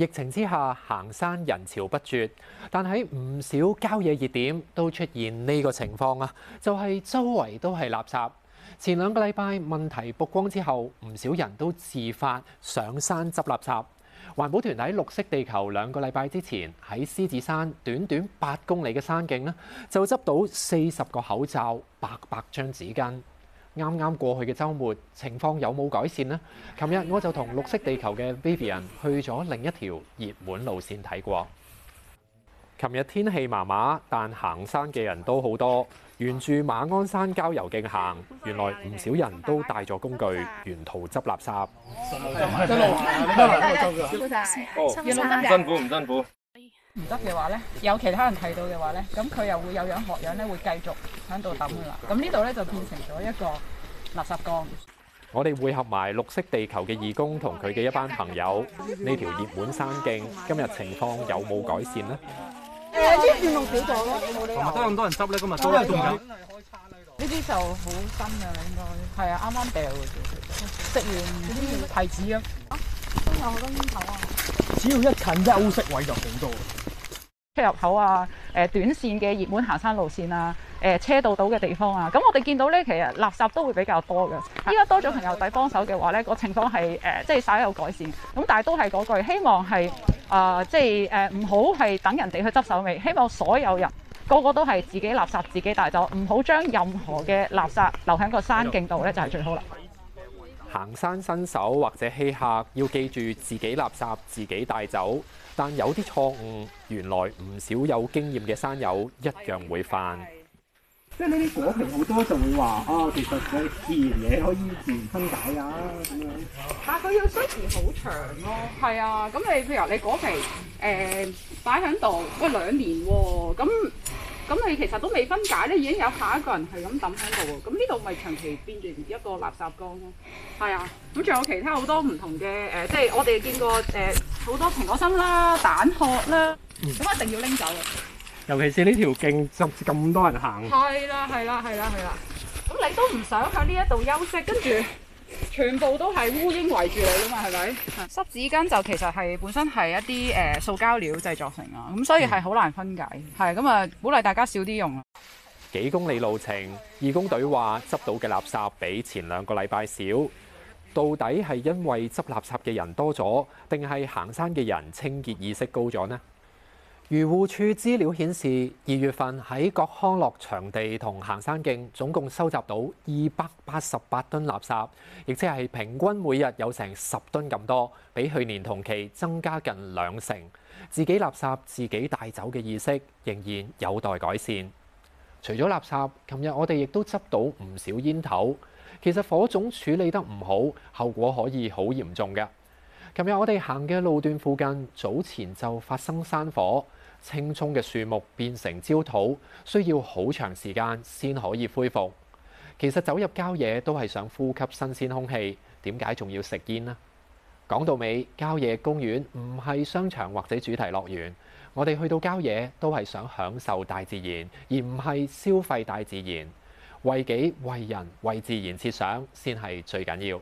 疫情之下，行山人潮不絕，但喺唔少郊野熱點都出現呢個情況啊，就係周圍都係垃圾。前兩個禮拜問題曝光之後，唔少人都自發上山執垃圾。環保團體綠色地球兩個禮拜之前喺獅子山短短八公里嘅山徑呢，就執到四十個口罩、八百張紙巾。啱啱過去嘅週末情況有冇改善呢？琴日我就同綠色地球嘅 Vivian 去咗另一條熱門路線睇過。琴日天氣麻麻，但行山嘅人都好多。沿住馬鞍山郊遊徑行，原來唔少人都帶咗工具，沿途執垃圾。一路辛苦唔辛苦？唔得嘅話咧，有其他人睇到嘅話咧，咁佢又會有樣學樣咧，會繼續喺度抌噶啦。咁呢度咧就變成咗一個垃圾缸。我哋匯合埋綠色地球嘅義工同佢嘅一班朋友，呢條熱門山徑今日情況有冇改善咧？誒，啲亂龍少咗咯，冇你。今日都咁多人執咧，今日都仲有人開餐。呢啲就好新噶啦，應該係啊，啱啱掉嘅啫。食完。啲咩？提子啊？啊，真係好多煙頭啊！只要一近休息位就好多。入口啊，誒，短線嘅熱門行山路線啊，誒，車到到嘅地方啊，咁我哋見到呢，其實垃圾都會比較多嘅。依家多咗朋友哋幫手嘅話呢，個情況係誒，即、呃、係、就是、稍有改善。咁但係都係嗰句，希望係即係誒，唔好係等人哋去執手尾，希望所有人個個都係自己垃圾自己帶走，唔好將任何嘅垃圾留喺個山徑度呢，就係最好啦。行山新手或者稀客要記住自己垃圾自己帶走，但有啲錯誤原來唔少有經驗嘅山友一樣會犯。即係呢啲果皮好多就會話啊，其實我自然嘢可以自然分解啊，咁樣，但係佢要需時好長咯。係啊，咁、啊、你譬如你果皮誒擺喺度喂兩年喎、啊，咁。咁你其實都未分解咧，已經有下一個人係咁抌喺度喎。咁呢度咪長期變住一個垃圾缸咯。係啊，咁仲有其他好多唔同嘅誒、呃，即係我哋見過誒好、呃、多蘋果芯啦、蛋殼啦，咁一定要拎走啊。尤其是呢條徑咁多人行。係啦，係啦，係啦，係啦。咁你都唔想喺呢一度休息，跟住。全部都係烏蠅圍住你噶嘛，係咪？濕紙巾就其實係本身係一啲誒塑膠料製作成啊，咁所以係好難分解。係、嗯，咁啊鼓勵大家少啲用。幾公里路程，義工隊話執到嘅垃圾比前兩個禮拜少，到底係因為執垃圾嘅人多咗，定係行山嘅人清潔意識高咗呢？漁護署資料顯示，二月份喺各康樂場地同行山徑總共收集到二百八十八噸垃圾，亦即係平均每日有成十噸咁多，比去年同期增加近兩成。自己垃圾自己帶走嘅意識仍然有待改善。除咗垃圾，琴日我哋亦都執到唔少煙頭。其實火種處理得唔好，後果可以好嚴重㗎。琴日我哋行嘅路段附近，早前就發生山火，青葱嘅樹木變成焦土，需要好長時間先可以恢復。其實走入郊野都係想呼吸新鮮空氣，點解仲要食煙呢？講到尾，郊野公園唔係商場或者主題樂園，我哋去到郊野都係想享受大自然，而唔係消費大自然。為己、為人、為自然設想，先係最緊要。